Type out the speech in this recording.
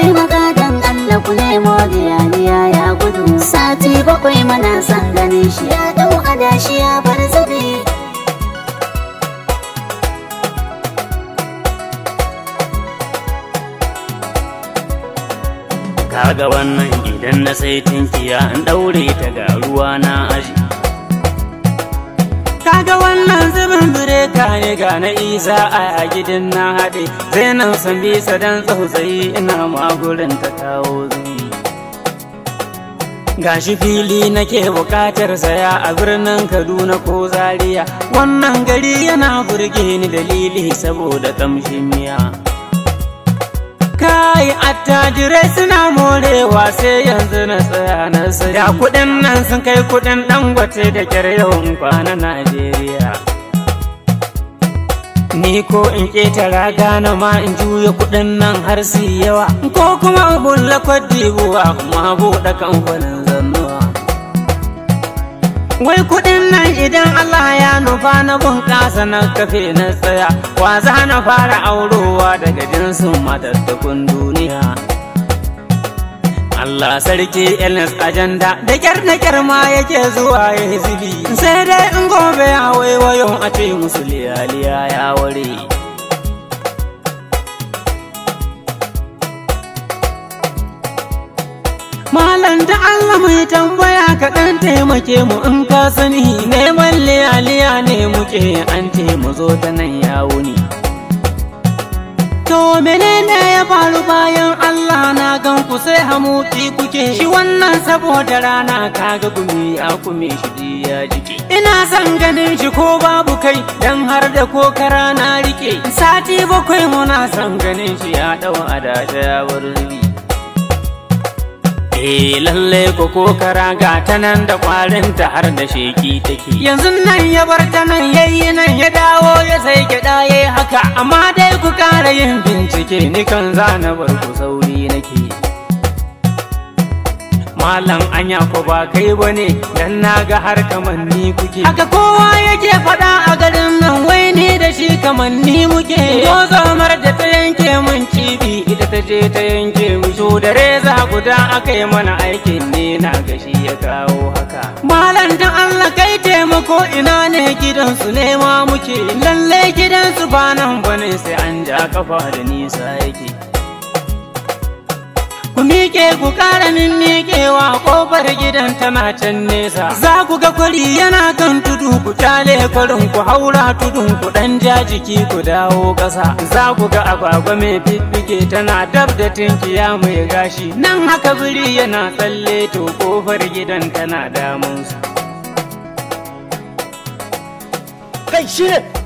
kai magadan Allah ku nemo biyaniya ya gudu sati bakwai mana san ganin shi ya dau adashi ya bar zabi kaga wannan idan na sai tinkiya an daure ta ga ruwa na aji kaga wannan ni ga na isa a gidan na haɗe zainan san bisa Dan tsautsayi ina magurin ta kawo ga gashi fili nake bukatar saya a birnin kaduna ko zaria wannan gari yana burge ni dalili saboda kamshin miya kai attajirai suna morewa sai yanzu na tsaya na tsaya kudin nan sun kai kudin dangote da kyar yawan kwana najeriya ni ko in raga na ma in juya kuɗin nan har su yawa ko kuma bulla kwadibuwa kuma buɗe kamfanin zannuwa wai kuɗin nan idan Allah ya nufa na bunƙasa na kafe na tsaya wa za na fara aurowa daga jinsin matattakun duniya Allah sarki Elnis ajanda da kyar da kyar ma yake zuwa ya zubi sai dai in fi musu liyaliya ya ware Malam da Allah mai tambaya kaɗan taimake mu in ka sani neman liyaliya ne muke an ce mu zo ta nan ya wuni. To menene ya faru bayan hamutsi kuke shi wannan saboda rana kaga gumi a kume shi ya jike ina son ganin shi ko babu kai dan har da kokara na rike sati bakwai muna son ganin shi ya dau adasha ya zubi. Eh lalle ko kokara ga ta nan da kwarin ta har da sheki take yanzu nan ya bar ta nan yayi nan ya dawo ya sai kiɗa yayi haka amma dai ku kara yin bincike ni kan zana bar ku sauri nake malam anya ko ba kai bane dan naga har kamanni kuke haka kowa yake faɗa a garin nan wai ni da shi ni muke zomar da ta yanke mun cibi ita ta je ta yanke mu so da reza guda aka mana aikin ne na gashi ya kawo haka malam dan Allah kai taimako ina ne gidan su nema muke lalle gidan su ba nan bane sai an ja kafa da nisa yake ke ku ƙara ke wa. ƙofar gidan ta macen nesa. Za ku ga kwari yana kan tudu ku tale kwarin ku haura tudun ku ɗan ja jiki ku dawo ƙasa. Za ku ga agwagwa mai fiffike tana dab da tinkiya mai gashi. Nan haka biri yana tsalle to kofar gidan tana damunsa. Kai shi